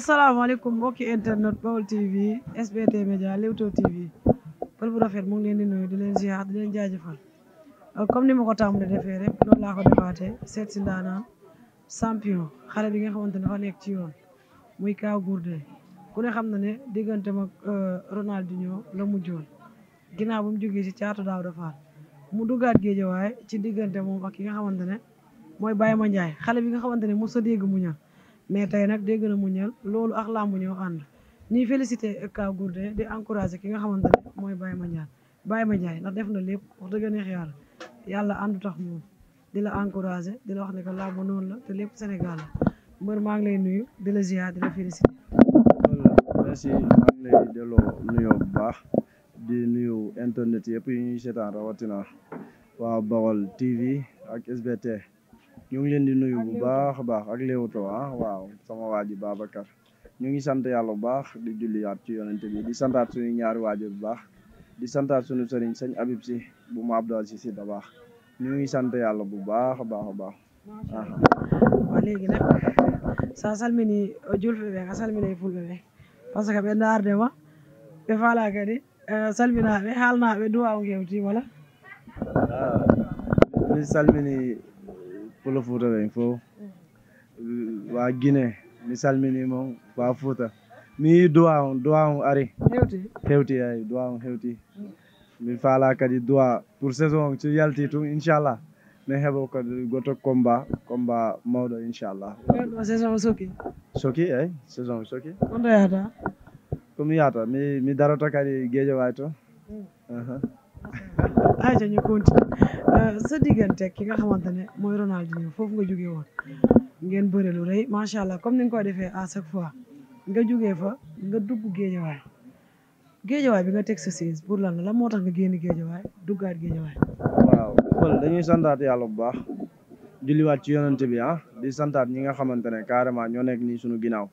asalaamaaleykum mbokki internet Baol TV SBT Média Leewtoo TV pël bu rafet mu ngi leen di nuyu di leen ziar di leen jaajëfal euh, comme ni ma ko tàmm di defee rek noonu laa ko defaatee seet si ndaanaan champion xale bi nga xamante ne dafa ci yoon muy Kaw Gourdin ku ne xam na ne diggante mag euh, Ronaldinho la mujjoon ginnaaw ba mu jógee ci caatu daaw dafaal mu duggaat waaye ci diggante moom ak ki nga xamante ne mooy Baye Mandiaye xale bi nga xamante ne mos a dégg mu ñaan mais tey nag dégg na mu loolu ak làmb ñoo ànd ñuy félicité Ka Gourdin di encouragé ki nga xamante ne mooy Baye Mandiaye Baye Mandiaye ndax def na lépp wax dëgg neex yàlla yàlla àndu tax moom di la encouragé di la wax ne que làmb noonu la te lépp Sénégal la mbër maa ngi lay nuyu di la ziar di la félicité. merci maa ngi lay delloo nuyoo bu baax di nuyu internet yëpp yi ñuy seetaan rawatina waa Baol TV ak SBT. ñu ngi leen di nuyu bu baax a baax ak to ah waaw sama waa ji Babacar ñu ngi sant yàlla bu baax di julliwaat ci yonente bi di santaat suñu ñaari waajo bu baax di santaat suñu sëriñ sëñ Abib si bu mu Abdou si si da baax ñu ngi sant yàlla bu baax a baax a baax ah. waaw léegi nag sa salmini julfeɓe ka salmini fulɓe ɓe par ce que ɓe dardema ɓe fala kadi eh, salminaɓe haalnaɓe duwaw gewti wala mi ah. salmini pullo fuutaɓen fof wa guiné mi salminimon wa fuuta mi yi duwa ari hewti ay duwa hewti mi mm-hmm. faala kadi duwa pour saison on so yalti tun inchallah mi heɓo goto combat combat mawɗo inchallah soki soki eyi saison soki onɗo yahata mi mi kadi guejo way to mm. ayca ñu continue euh, sa diggante ki nga xamante ne mooy Ronaldinho foofu nga jógee woon ngeen bëre lu rëy macha allah comme ni nga ko defee à chaque fois nga jógee fa nga dugg géejawaay géejawaay bi nga teg sa siis pour lan la moo tax nga génn géejawaay duggaat géejawaay. waaw dañuy santaat yàlla bu baax julliwaat ci yonante bi ah di santaat ñi nga xamante ne carrément ñoo nekk nii suñu ginnaaw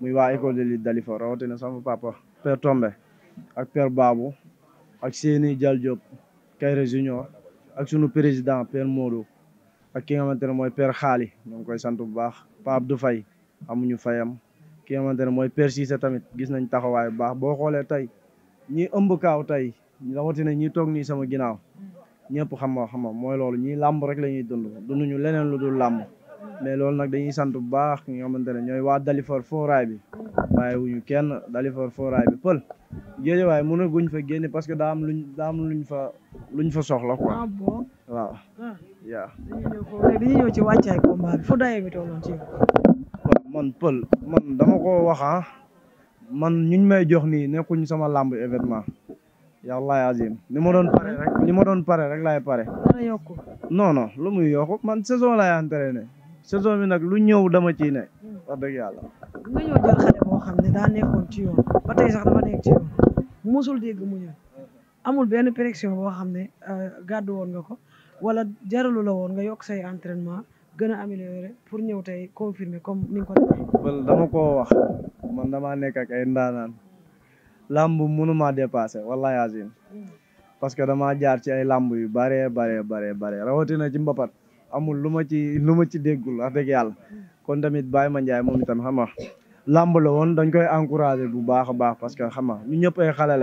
muy waay ko de lutte Dalifor rawatina sama papa Père Tombe ak Père Babou. ak seeni Jal Diop Kayre Junior ak sunu président père Modou ak ki nga xamante ne mooy per Xaali ñoo ngi koy sant bu baax Pape Abdou Faye amuñu fayam ki nga ne mooy père Cissé tamit gis nañ taxawaay bu baax boo xoolee tey ñi ëmb kaaw tey rawatina ñi toog nii sama ginaaw ñëpp xam nga xam mooy loolu ñii làmb rek la ñuy dund dunuñu leneen lu dul làmb mais loolu nag dañuy sant bu baax ñi nga xamante ne ñooy waa Dalifor fooraay bi bàyyi wuñu kenn Dalifor fooraay bi pël waaye mën a guñ fa génne parce que daam am luñ daa am luñ fa luñ fa soxla quoi ah waaw ah. yaa dañuy ñëw ci wàccaay combat bi dayee bi tolloon ci man pël man dama ko waxaa ah. man ñuñ may jox nii nekkuñ sama làmb événement yàllaay ni ma doon pare rek ni ma doon pare rek laay pare non non lu muy yokku man saison laay entraîné saison bi nag lu ñëw dama ciy ne bëgg yàlla. nga ñëw jël xale boo xam ne daa nekkoon ci yoon ba tey sax dafa nekk ci musul dégg mu ñëw amul benn pression boo xam ne euh, gàddu woon nga ko wala jaralu la woon nga yokk say entraînement gën a améliorer pour ñëw tey confirmer comme ni nga ko defee. dama ko wax man damaa nekk ak ay ndaanaan làmb ma dépassé wallaahi azim mm. parce que dama jaar ci ay làmb yu bare bare bare bare rawatina ci mbapat. amul lu ma ci lu ma ci déggul wax dëgg yàlla kon tamit Baye Mandiaye moom itam xam nga làmb woon dañ koy encouragé bu baax a baax parce que xam nga ñu ñëpp ay xale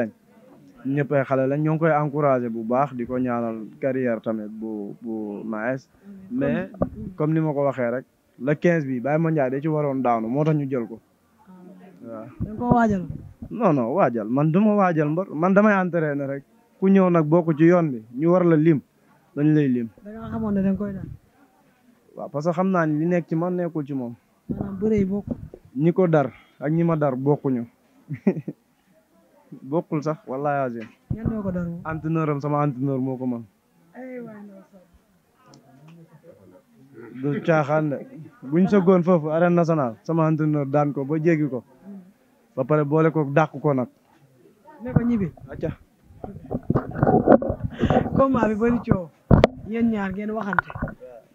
ñu ñëpp ay xale lañ ñoo ngi koy encouragé bu baax di ko ñaanal carrière tamit bu bu nice mais comme ni ma ko waxee rek la quinze bi Baye Mandiaye da ci waroon daanu moo tax ñu jël ko waaw. dañ ko waajal. man du ma waajal mbër man damay entraîné rek ku ñëw nag boo bokk ci yoon bi ñu war la lim dañ lay lim. waaw parce que xam naa ni li nekk ci man nekkul ci moom. maanaam yi bokk. ñi ko dar ak ñi ma dar bokkuñu bokkul sax wallaahi azim. ñan am sama entraîneur moo ko mën. du caaxaan de buñ sëggoon foofu arène nationale sama entraîneur daan ko ba jéggi ko ba pare boole ko dàq ko nag. ne ko ñibbi. acca. combat bi bari coow yéen ñaar ngeen waxante.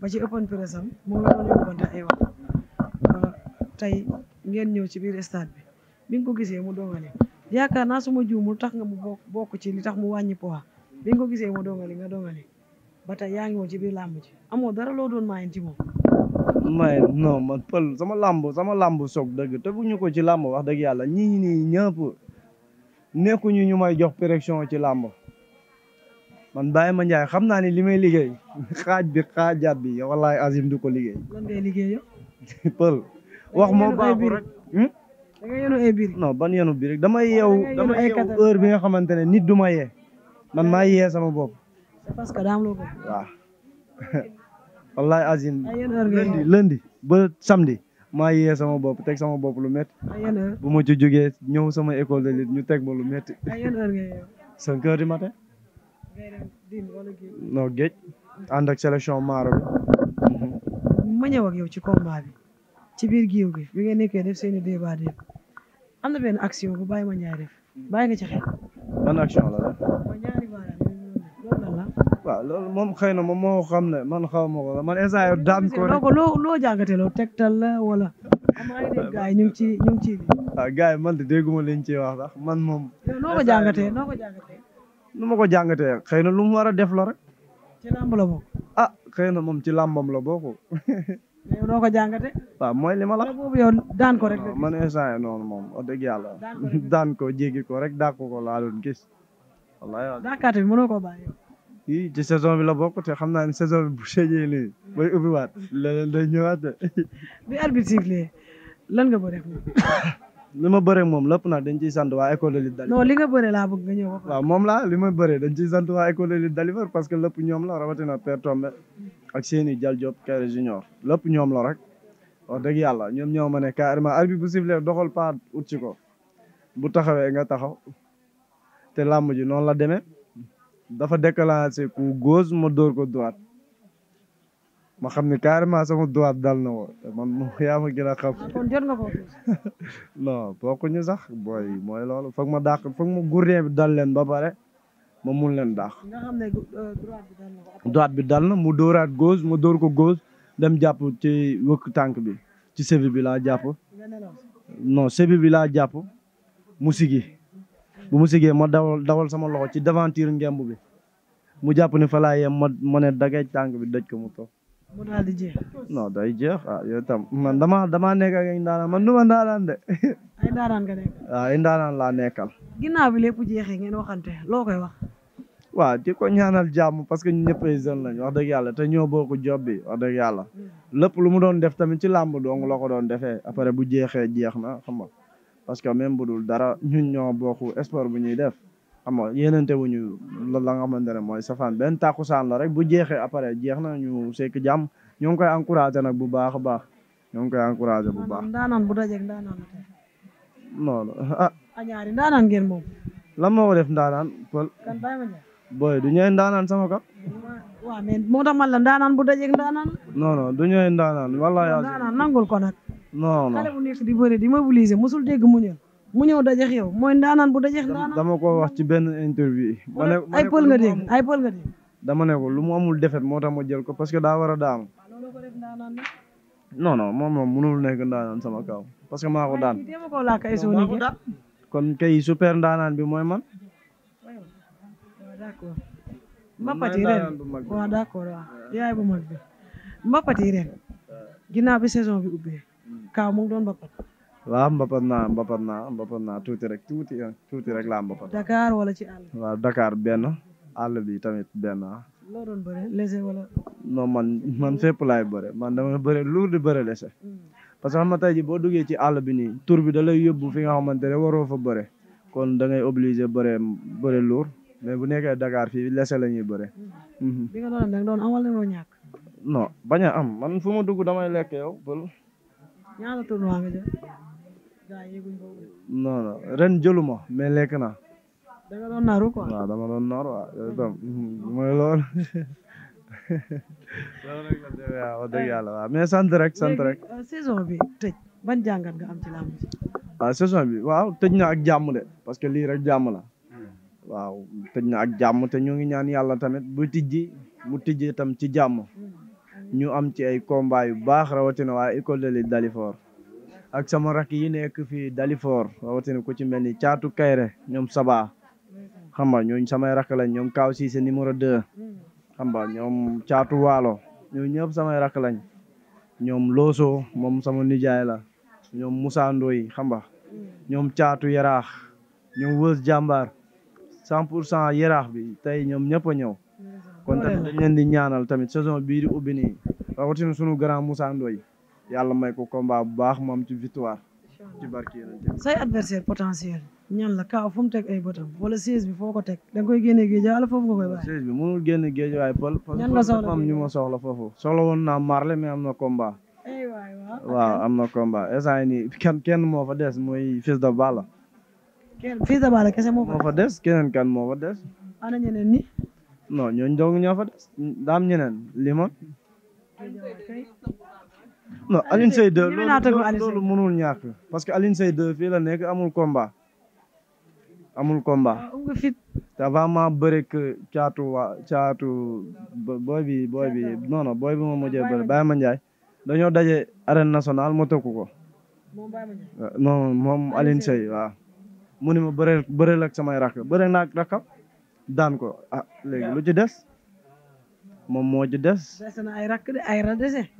ba ci open press am moom la doon yóbbante ay wax tey ngeen ñëw ci biir stade bi bi nga ko gisee mu doongali yaakaar naa suma juumul tax nga mu bokk ci li tax mu wàññi poids bi ko gisee mu doongali nga doongali ba tey yaa ngi woon ci biir làmb ji amoo dara loo doon maa ci moom may non man pël sama làmb sama làmb soog dëgg teguñu ko ci làmb wax dëgg yàlla ñii nii ñëpp nekkuñu ñu may jox pression ci làmb man Baye Mandiaye xam naa ne li may liggéey xaaj bi xaajaat bi wallahi Azim du ko liggéey. pël wax moo baaxul rek. da nga yenu hmm? yenu biir damay yeewu damay yeewu bi nga xamante ne nit du maye man maa yee sama bopp. parce que daam loo ko. waaw wallahi Azim. lundi lundi ba samedi. maa yee sama bopp teg sama bopp lu met bu ma ci ñëw sama école de lutte ñu teg ma lu métti. cinq heures non géej ànd ak sélection maaro bi mhm. ma ñëw ak yow ci combat bi ci biir géew gi bi ngeen nekkee def seeni débat débat am na benn action bu bàyyi ma ñaay def nga ci xel ban action la la waaw loolu moom xëy na moom moo xam ne man xaw ma ko la man instant yow daan ko loo loo jàngatee loolu la wala gars yi ñu ngi ci ñu ci waaw ah, gars yi man de dégguma liñ ci wax sax man moom noo ko noo ko jàngatee nu ma ko jàngatee xëy na lu mu war a def la rek. ci làmb la bokk. ah xëy na moom ci làmbam la bokk. mais yow noo ko jàngatee. waaw mooy li ma la. wala boobu yow ko rek. man instant yii noonu moom wax dëgg yàlla. daan ko jéggi ko rek dàq ko laa doon gis. wallaahi daakaate bi mënoo koo bàyyi. yii ci saison bi la bokk te xam naa ne saison bi bu seejee nii bay ubbiwaat leneen day ñëwaat de. bi arbitre sifflé lan nga ko def. li ma bëree moom lépp nag dañ ciy sant waa école de lutte Dalifor. non nga bëree laa bëgg nga ñëw wax. waaw moom laa li ma bëree dañ ciy sant waa école de lutte Dalifor parce que lépp ñoom la rawatina Père Tombe ak seeni Jal Diop Kéré Junior lépp ñoom la rek. dëgg yàlla ñoom ñoo ma ne carrément arbitre bu sifflé doxal pas ut ci ko bu taxawee nga taxaw te làmb ji noonu la demee dafa déclenché ku gauche ma dóor ko droite ma xam ne carrément sama droite dal na woo man moom yaa ma gën a xam. Ah, kon jot nga sax booy mooy loolu foog ma dàq foog ma gourdin bi dal leen ba bare ma mun leen dàq. Euh, bi dal na. droite bi dal na mu dóoraat gauche ma dóor ko gauche dem jàpp ci wëkk tànk bi ci sebi bi laa jàpp. non sebi bi laa jàpp mu sigi bu mu sigee ma dawal dawal sama loxo ci devanture ngemb bi mu jàpp ne falaa laa yem ma ma ne dagay tànk bi daj ko mu toog. mu daal di jeex. non ah, day tam man dama dama nekk ak ah, ay man du ma ndaanaan laa nekkal. ginnaaw bi lépp jeexee ngeen waxante loo koy wax. waaw di ko ñaanal jàmm parce que ñun ñëpp ay jeunes lañ wax dëgg yàlla te ñoo bokk job bi wax dëgg yàlla. Hmm. lépp lu mu doon def tamit ci làmb dong la ko doon defee après bu jeexee jeex na xam nga parce que même bu dul dara ñu ñoo bokk sport bu ñuy def. xam nga te wuñu la la nga xamante ne mooy safaan benn tàkkusaan la rek bu jeexee après jeex na ñu sekk jàmm ñoo ngi koy encouragé nag bu baax a baax ñoo ngi bu baax. daanaan bu dajeeg daanaan non ah. añaari daanaan ngeen moom. lan moo def daanaan pël. kan bàyyi ma booy du ñëwee daanaan sama ka. moo tax la daanaan bu dajeeg daanaan. non non du ñëwee daanaan wallaahi. daanaan nangul ko nag. non non xale bu nekk di bëri di mobiliser mu ñëw dajeex yow mooy ndaanaan bu dajeex ndaanaan dama ko wax ci benn interview ma ne ay pël nga dégg dama ne ko lu mu amul defet moo tax ma jël ko parce que daa war a daanu ah, non non moom moom mënul nekk ndaanaan sama kaw parce que maa ko daan kon kay super ndaanaan bi mooy man d'accord mbapat yi ren waaw d'accord bi saison bi ubbee mm. doon mbapat waaw mbapat naa mbapat naa mbapat naa tuuti rek tuuti tuuti rek laa mbapat. Dakar wala ci àll. waaw Dakar benn àll bi tamit benn. loo doon bëre man man fépp laay bëre man dama bëre lourd di bëre léger. Mm. parce que xam tey jii boo duggee ci àll bi nii tur bi da lay yóbbu fi nga xamante ne waroo fa bëre kon da ngay obligé bëre bëre lourd mais bu nekkee dakaar fii léger la ñuy bëre. Mm. Mm-hmm. bi nga doon am wala doon ñàkk. non bañ a am man fu ma dugg damay lekk yow. ñaata tournoi nga jël. non ren jëluma mais lekk na. da nga doon naaru yàlla mais sant rek sant rek. Euh, saison bi tëj ban jàngat nga am ci làmb ji. waaw ah, bi waaw tëj na ak jàmm de parce que lii rek jàmm la. waaw tëj na ak jàmm te ñoo ngi ñaan yàlla tamit bu tijji mu tijji tam ci jàmm. Mm. ñu am ci ay combat yu baax rawatina waa école de lutte Dalifort ak sama rakk yi nekk fii Dalifort rawatina ku ci mel ni caatu kayre ñoom Saba xam nga ñooñu samay rakk lañ ñoom Kaaw Cissé numéro 2 xam nga ñoom caatu waalo ñooñu ñëpp sama rakk lañ ñoom Looso moom sama nijaay la ñoom Moussa Ndoye xam nga ñoom caatu yaraax ñoom wës jàmbaar cent pour cent yaraax bi tey ñoom ñëpp ñëw kon tamit dañ leen di ñaanal tamit saison bii di ubbi sunu grand Moussa Ndoye yàlla may ko combat bu baax mu ci victoire. ci barke yeneen say adversaire potentiel ñan la kaaw fu mu teg ay bëtam wala siège bi foo ko teg da nga koy génne géej wala foofu nga koy bàyyi. siège bi mënul génne géej waaye pol. ñan nga soxla am ñu ma soxla foofu. soxla woon naa marle mais am na combat. waaw am na combat instant yii nii kan kenn moo fa des mooy Fils de Balla. kenn Fils de Balla kese moo fa des keneen kan moo fa des. ana ñeneen ñi. non ñooñu ñoo fa des daam ñeneen limon. non Alioune Seye 2 loolu mënul ñàkk parce que Alioune Seye 2 la nekk amul combat amul combat. Ah, te vraiment bëri caatu waa caatu booy bi booy bi non non booy bi ah, dañoo daje arène nationale ma tëkku ko. Euh, non moom Alioune Seye waaw. mu ni ma samay rakk bëreel naa ak rakkam daan ko ah lu ci des moom moo ci des.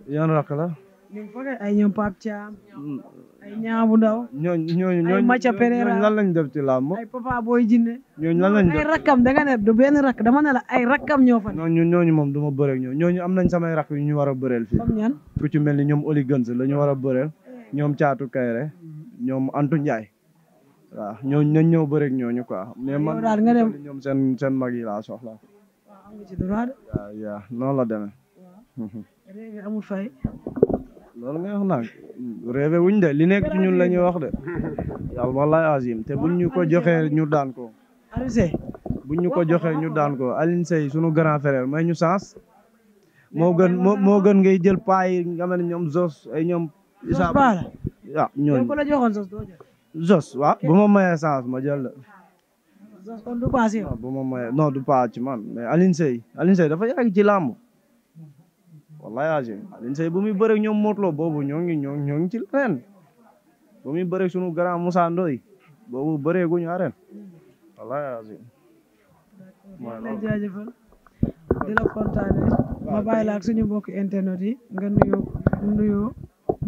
des rakk la. ni mu foogee ay ñoom Pape Thiam. Mm. ay ñaabu ndaw. ñooñu ñooñu ñooñu ay Macha Pereira ñooñu lan lañ ci làmb. ay Papa Boy Djiné. ñooñu lan lañ def ay rakkam da nga ne du benn rakk dama ne la ay rakkam ñoo fa. moom du ma bëreel ñooñu ñooñu am nañ samay rakk yu ñu war a bëreel fii. comme ñan ci mel ni ñoom Oli Gëns la ñu war a bëreel. ñoom Caatu Kayre ñoom Antu Ndiaye. waaw ñooñu nañ ñoo bëreel ñooñu quoi. mais man ñoom seen seen mag yi laa soxla. waaw noonu la demee. léegi amul fay lool ngay wax nag wuñ de li nekk ci ñun la ñuy wax de yàlla wallahi azim te buñ ñu ko joxee ñu daan ko buñ ñu ko joxee ñu daan ko Alioune Seye sunu grand frère may ñu chance moo gën moo gën ngay jël paa yi nga xam ñoom Zos ay ñoom Issa ah, waaw ñooñu Zos bu ma mayee chance ma jël la ah, bu ma mayee noo du pas ci man mais Alioune Seye Alioune Seye dafa yàgg ci làmb wallahi azim Alioune Seye bu muy bëreeg ñoom Modou boobu ñoo ngi ñoo ñoo ngi ci ren bu muy bëreeg sunu grand Moussa Ndoye boobu bëreeguñu ren wallahi azim mooy loolu jaajëfal di la kontaane ma bàyyi la ak suñu mbokk internet yi nga nuyoo nuyoo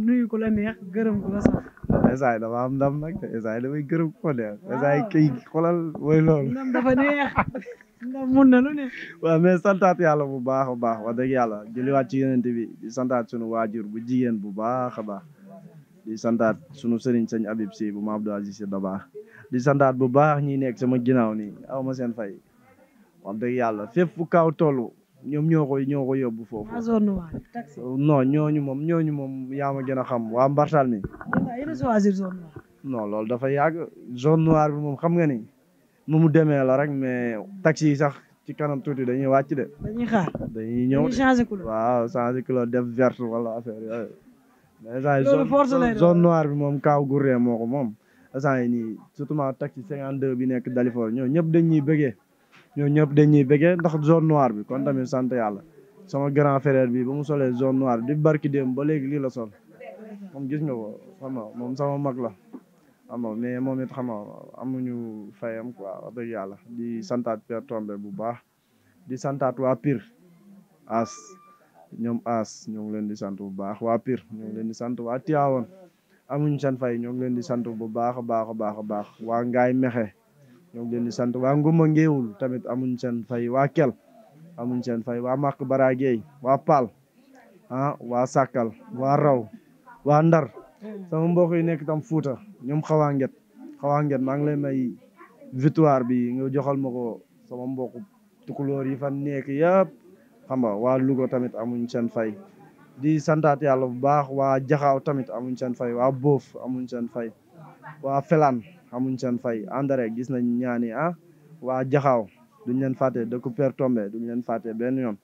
nuyu ku la neex gërëm ku la sax esaay dafa am ndam nag esaay damay gërëm ku ko neex esaay kay xolal mooy loolu ndam dafa neex ndax mun mais santaat yàlla bu baax a baax wax dëgg yàlla julliwaat ci yonent bi di santaat sunu waajur bu jigéen bu baax a baax di santaat sunu sëriñ sëñ Habib si bu ma Abdou Aziz si da baax di santaat bu baax ñi nekk sama ginnaaw ni aw ma seen fay wax dëgg yàlla fépp fu kaw tollu ñoom ñoo ko ñoo ko yóbbu foofu. Euh, non ñooñu moom ñu moom yaa ma gën a xam waa Mbartal mi. non loolu dafa yàgg zone noire bi moom xam nga ni. nu mu demee la rek mais taxi yi sax ci kanam tuuti dañuy wàcc de. dañuy ñëw dañuy changé couleur waaw changé def verte wala affaire yooyu. loolu force lay doon zone noire bi moom Kaaw Gourdin moo ko moom. instant yii nii surtout taxi 52 bi nekk Dalifort ñoo ñëpp dañ ñuy bëggee ñoo ñëpp dañ ñuy bëggee ndax zone noire bi kon tamit sant yàlla. sama grand frère bi ba mu solee zone noire di barki dem ba léegi lii la sol moom gis nga ko moom sama mag la. xam nga mais moom it xam nga amuñu fayam ko wax dëgg di santaat Père bu baax di santaat waa Pire as ñoom as ñoo ngi leen di sant bu baax waa Pire ñoo ngi leen di sant waa Tivaouane seen fay ñoo ngi leen di sant bu baax a baax a baax a baax waa Ngaay Mexe ñoo leen di sant waa Nguma Ngéewul tamit amuñu seen fay waa Kel amuñu seen fay waa Màkk Barageey waa Paal ah waa Sàkkal waa Raw waa Ndar sama mbokk yi tam Fuuta ñoom xawaa nget xawaa nget maa ngi lay may victoire bi nga joxal ma ko sama mbokku tukulóor yi fan nekk yëpp xam nga waa tamit amuñ seen fay di santaat yàlla bu baax waa jaxaw tamit amuñ seen fay waa Boof amuñ seen fay waa Felaan amuñ seen fay André gis nañ ñaani ah waa Jaxaaw duñ leen fàtte dëkk Père Tombé duñ leen fàtte benn yoon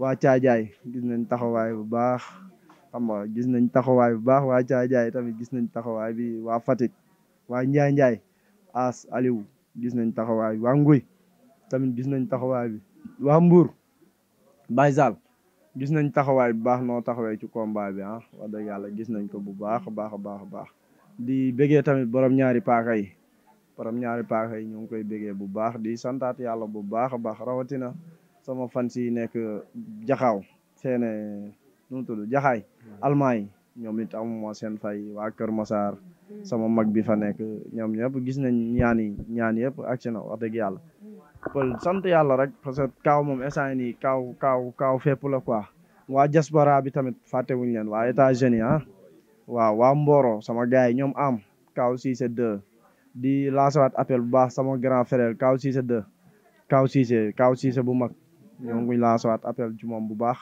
waa Caajaay gis nañ taxawaay bu baax xam nga gis nañ taxawaay bu baax waa Caajaay tamit gis nañ taxawaay bi waa Fatick waa Njaay Njaay As Aliou gis nañ taxawaay bi waa Nguy tamit gis nañ taxawaay bi waa Mbour Baye gis nañ taxawaay bu baax noo taxawee ci combat bi ah wax dëgg yàlla gis nañ ko bu baax a baax a baax a baax di bëggee tamit boroom ñaari paaka yi borom ñaari paaka yi ñu ngi koy bëggee bu baax di santaat yàlla bu baax a baax rawatina sama fans yi nekk jaxaaw seene nu mu tudd jaxaay almaa yi ñoom it moo seen fay waa Kër Masaar sama mag bi fa nekk ñoom ñëpp gis nañ ñaani ñaan yëpp agsi na wax yàlla pël sant yàlla rek parce que kaaw moom instant nii kaaw kaaw kaaw fépp la quoi waa diaspora bi tamit fàttewuñu leen waa États-Unis ah waaw waa Mboro sama gars yi ñoom am kaaw Cissé 2 di laasawaat appel bu baax sama grand frère kaaw Cissé 2 kaaw Cissé bu mag ñoom ngi waat appel ci moom bu baax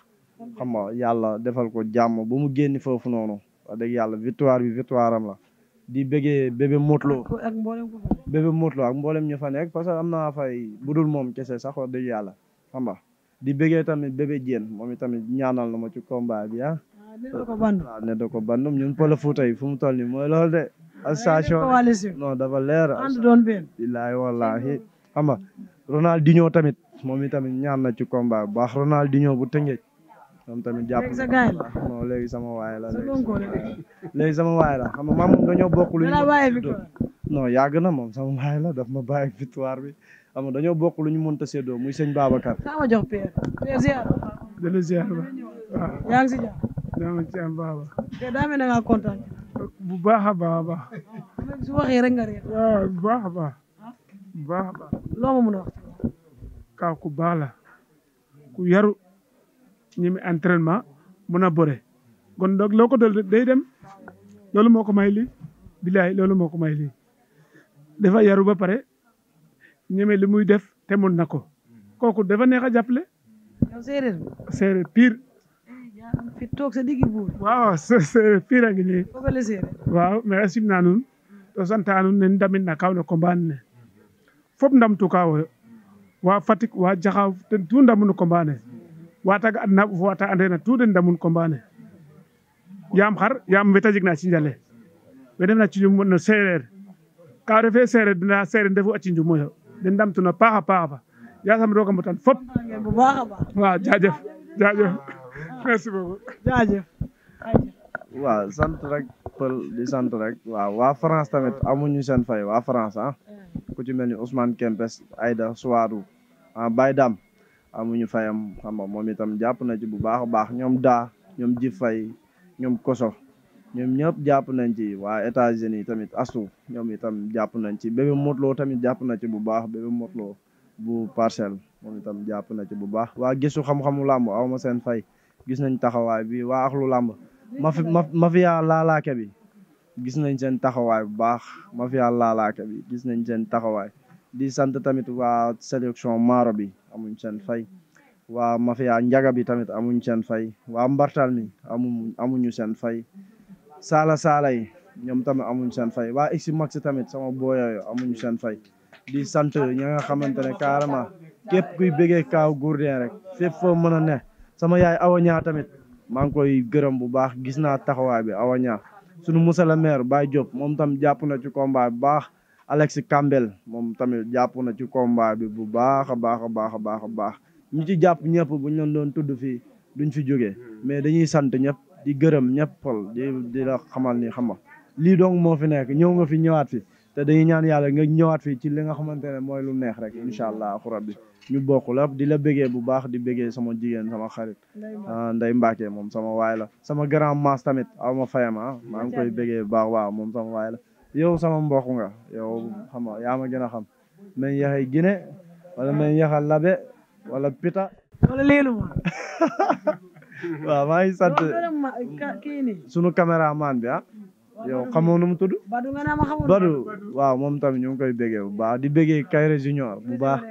xam nga yàlla defal ko jàmm ba mu génn foofu noonu wax dëgg yàlla victoire bi victoire am la di bëggee bébé Motlo ak mboolem bébé Motlo ak mboolem ñu fa nekk parce que am naa fay budul moom kese sax wax dëgg yàlla xam di bëggee tamit bébé jén moom itamit ñaanal na ma ci combat bi ah. waaw ah, ah, ne da ko bandum ñun Pël Fuuta yi fu mu toll nii mooy la de. association ah, non dafa leer. ànd doon benn di wallaahi xam nga tamit moom itamit ñaan na ci combat bu baax Ronaldinho bu tëngeej moom tamit jàpp non léegi sama waay la léegi sama waay la xam nga maam dañoo bokk lu yàgg na moom sama waay la daf ma bàyyi victoire bi xam nga dañoo bokk lu ñu mënta séddoo muy sëñ Babacar sama jox père dëgg ziar ba yaa si jàmm dama ci am baba te daa bu baax a baax a baax su waxee rek ah. wax kaa ku baax ku yaru ci ñi mi entraînement mun a bëre kon donc loo ko dol day dem loolu moo ko may lii bilaay loolu moo ko may lii dafa yaru ba pare ñeme li muy def te mun na ko kooku dafa neex a jàppale séeréer séeréer pire fi toog sa diggi buur a ngi nii waaw mais simna nun to santa nun nen ndamit na kaw ne kombaan ne fop ndam tu kaawoyo waa Fatick waa Jaxaaw ten tout ndamu no kombaan ne wataga adna ɓof wata ande na tout den ndamun combat ne yaam xar yaam weta jeg na a cinj ale we ndefna cinjum no seereer ka refe seereer nda seereer ndefu a cinjum oyo den ndamtuna paaxa paaxa yasam roga mbotan fop waaw jaajëf jaajëf waaw sant rek pël di sant rek waaw waa France tamit amuñu seen fay waa France ah ku ci mel ni Ousmane Kempes Aïda Souarou ah Baye Dame amuñu fayam xam nga moom itam jàpp na ci bu baax a baax ñoom daa ñoom ji fay ñoom koso ñoom ñëpp jàpp nañ ci waa États-Unis tamit astu ñoom itam jàpp nañ ci bébé motloo tamit jàpp na ci bu baax bébé motloo bu parcelle moom itam jàpp na ci bu baax waa gisu xam-xamu làmb aw ma seen fay gis nañ taxawaay bi waa axlu làmb mafi mafia laalaake bi gis nañ seen taxawaay bu baax mafia laalaake bi gis nañ seen taxawaay di sant tamit waa sélection maaro bi amuñ seen fay waa mafia njaga bi tamit amuñ seen fay waa mbartal mi amu amuñu seen fay saala saala yi ñoom tamit amuñ seen fay waa ixi max tamit sama booyooyu amuñu seen fay di sant ñi nga xamante ne carrément képp kuy bëggee Kaaw rek fépp foo mën a ne sama yaay Awa tamit maa ngi koy gërëm bu baax gis naa taxawaay bi Awa Ñaa sunu monsieur le maire Baye Diop moom tamit jàpp na ci combat bu baax Alex Campbell moom tamit jàpp na ci combat bi bu baax a baax a baax a baax a baax ñi ci jàpp ñëpp bu ñu doon tudd fii duñ fi jógee hmm. mais dañuy sant ñëpp di gërëm ñëppal di di la xamal ni xam nga lii donc moo fi nekk ñëw nga fi ñëwaat fi te dañuy ñaan yàlla nga ñëwaat fii ci li nga xamante ne mooy lu neex rek incha allah rabbi ñu bokk la di la bëggee bu baax di bëggee sama jigéen sama xarit nday ah, Mbacke moom sama waay la sama grand mas tamit aw ma fayam ah maa ngi koy bëggee bu moom sama waay la yow sama mbokk nga yow mm-hmm. xam nga yaa ma gën a xam man yaxay yaxa labe wala pita wala leelu ma waaw maa ngi sant sunu caméraman bi ah yow xamoo nu mu tudd Badou waaw moom tamit ñu koy béggee bu baax di béggee Kayre Junior bu baax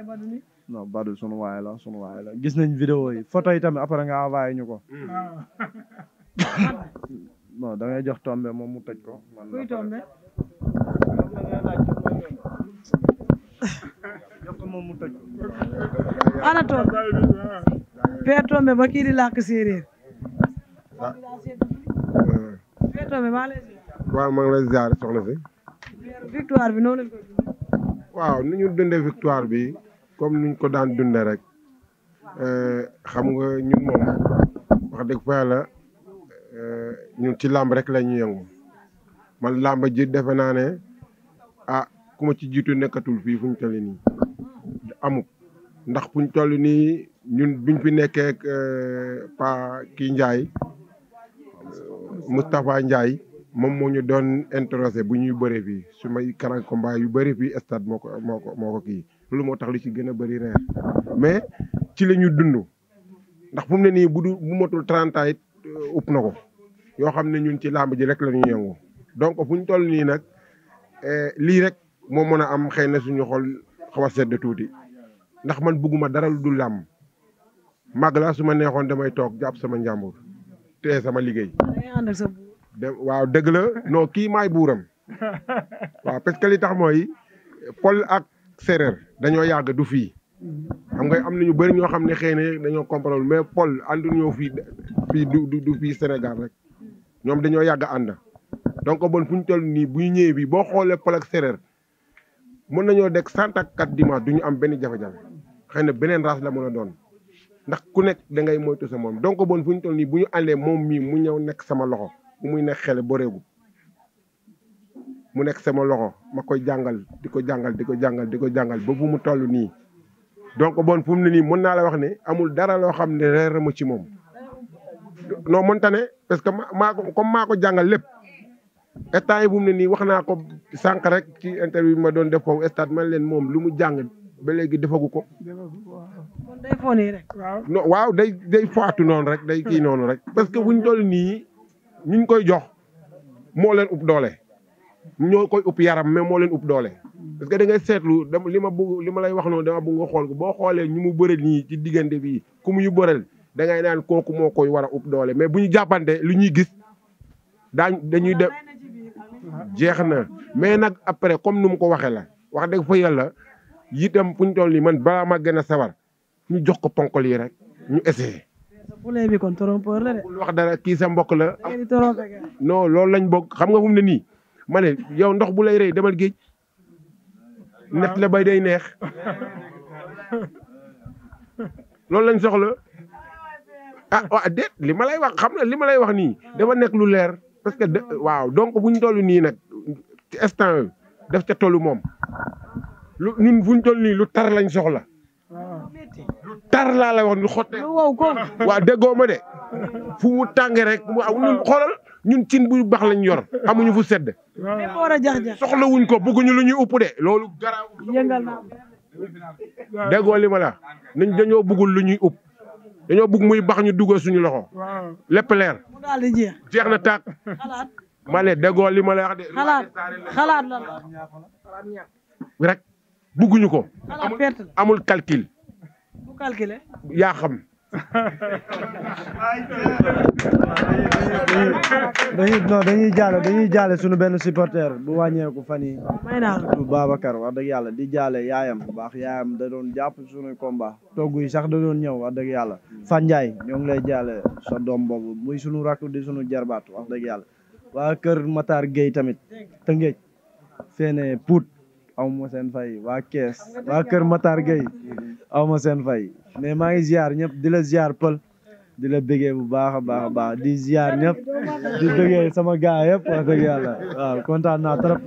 non Badou sunu waay la sunu waay gis nañ vidéo yi photo yi tamit après nga envoyé ñu ko mm. non jox tombe mu tëj ko ana toom père tombe ba kii di séeréer waaw maa ngi lay ziar soxna victoire bi noonu lañ victoire bi comme niñ ko daan dundee rek eh, xam nga ñun moom wax dëgg fa eh, ñun ci làmb rek la ñu yëngu man làmba ji defe naa ne ah ku ma ci jiitu nekkatul fii fu ñu toll nii amut ndax fu ñu toll nii ñun biñ fi nekkee euh, pa kii Ndiaye Moustapha njaay moom moo ñu doon intéressé bu ñuy bëree fii su may karang combat yu bëri fii stade moo ko moo ko moo ko kii loolu moo tax li ci gën a bëri reer mais ci la ñu dund ndax fu ne nii bu du bu matul 30 euh, na ko yoo xam ne ñun ci làmb ji rek la ñuy yëngu donc fu ñu toll nii nag eh, lii rek moo mën a am xëy na suñu xol xaw a sedd tuuti ndax man bugguma dara lu dul làmm màgg su ma neexoon damay toog jàpp sama njàmbur te sama liggéey. waaw dëgg noo non kii maay buuram waaw parce que li tax mooy pol ak séeréer dañoo yàgg du fii xam nga am na ñu bëri ñoo xam ne xëy na dañoo comprendre mais pol ànduñoo fii fii du du fii Sénégal rek ñoom dañoo yàgg ànd. donc bon fu ñu toll nii bu ñëwee bi boo xoolee pël mën nañoo dekk cent ak quatre am benn jafe xëy na beneen race la mën a doon ndax ku nekk da ngay moytu sa moom donc bon fu ñu toll nii bu ñu àndee moom mii mu ñëw nekk sama loxo muy nekk xele boreegu mu nekk sama loxo ma koy jàngal di ko jàngal di ko jàngal di ko jàngal ba fu mu toll nii donc bon fu mu ne nii mën naa la wax ne amul dara loo xam ne reer ma ci moom non mënta ne parce que maa ko comme maa ko jàngal lépp. état yi bu mu ne nii wax naa ko sànq rek ci interview bi ma doon def foofu stade man leen moom lu mu jàng ba léegi defagu ko. kon day fo nii waaw day day faatu noonu rek day kii noonu rek parce que bu ñu dool nii ñu koy jox moo leen upp doole. ñoo koy upp yaram mais moo leen upp doole. parce que da ngay seetlu dama li ma bëgg li ma lay wax noonu dama bëgg nga xool ko boo xoolee ñu mu bëral nii ci diggante bi ku mu yu bëral da ngay naan kooku moo koy war a upp doole mais bu ñu jàppante lu ñuy gis. daa dañuy def jeex na mais nag après comme nu mu ko waxee la wax dëgg fa yàlla itam fu ñu toll nii man balaa ma gën a sawar ñu jox ko ponkol yi rek ñu essayé. poulet bi kon trompeur la de. wax kii sa mbokk la. non loolu lañ bokk xam nga fu mu ne nii ma ne yow ndox bu lay rey demal géej. net la bay day neex. loolu lañ soxla ah waa déet li ma lay wax xam na li ma lay wax nii dafa nekk lu leer. parce que waaw donc bu ñu tollu nii nag ci instant def ca tollu moom lu ñun bu ñu toll nii lu tar lañ soxla. Ah. lu tar la wax lu xottee. waaw déggoo ma de fu mu tàngee rek mu aw ah, ñun xoolal ñun cin bu baax lañ yor amuñu fu sedd. soxla wuñ ko bëgguñu lu ñuy upp de loolu. gara déggoo li ma la dañoo bëggul lu ñuy upp. dañoo bëgg muy bax ñu dugal suñu loxo. waaw lépp leer. mu jeex na tàkk. xalaat ma ne déggoo li ma de. la la. rek bëgguñu ko. amul calcul. bu calculé. dañuy non dañuy jaale dañuy jaale suñu benn supporter bu wàññeeku fan yi bu Babacar wax dëgg yàlla di jaale yaayam bu baax yaayam da doon jàpp suñu combat togg yi sax da doon ñëw wax dëgg yàlla fanjaay ñoo ngi lay jaale sa doom boobu muy sunu rakk di suñu jarbaat wax dëgg yàlla waa kër Matar Gueye tamit Tëngéej feene Pout aw ma seen fay waa Kees waa Kër Matar Gueye aw ma seen fay mais maa ngi ziar ñëpp di la ziar pël di la bëggee bu baax a baax baax di ziar ñëpp di bëggee sama gaay yëpp wax dëgg yàlla waaw kontaan naa trop.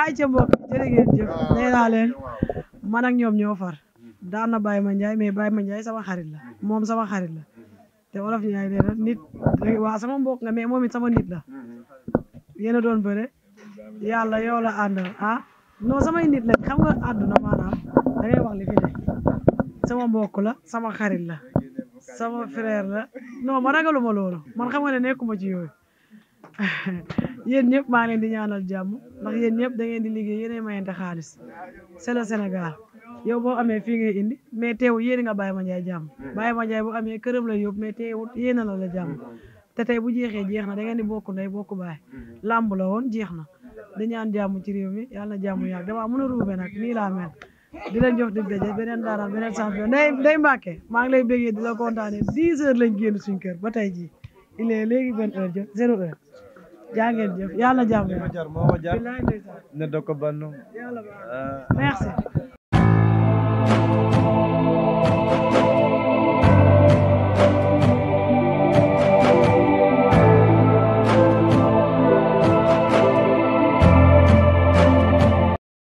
ay ca mbokk jërë ngeen jëf nee leen man ñoom ñoo far daan na Baye Mandiaye mais Baye Mandiaye sama xarit la moom sama xarit la te wolof Ndiaye nee na nit waa sama mbokk nga mais moom it sama nit la yéen doon bëre. yàlla yow la àndal ah non samay nit lañ xam nga àdduna maanaam da ngay wax li fi ne sama mbokk la sama xarit la sama frère la non ma ragaluma loolu man xam nga ne nekkuma ci yooyu yéen ñëpp maa ngi leen di ñaanal jàmm ndax yéen ñëpp da ngeen di liggéey yéenay mayante xaalis c'est le yow boo amee fii ngay indi mais teewul yéen nga bàyyi ma njaay jàmm bàyyi ma njaay bu amee këram la yóbbu mais teewul yéen na la jàmm te tey bu jeexee jeex na da ngeen di bokk ndey bokk baay làmb la woon jeex na di ñaan jàmm ci réew mi yàlla na jàmm yàgg damaa mën a ruube nag nii laa mel di leen jox dig daje beneen daara beneen champion day day Mbàkke maa ngi lay béggee di la kontaane dix heures lañ génn suñ kër ba tey jii il est léegi benn heure jëf zéro heure jaa ngeen jëf yàlla jàmm yàgg. ne doko banno ah. merci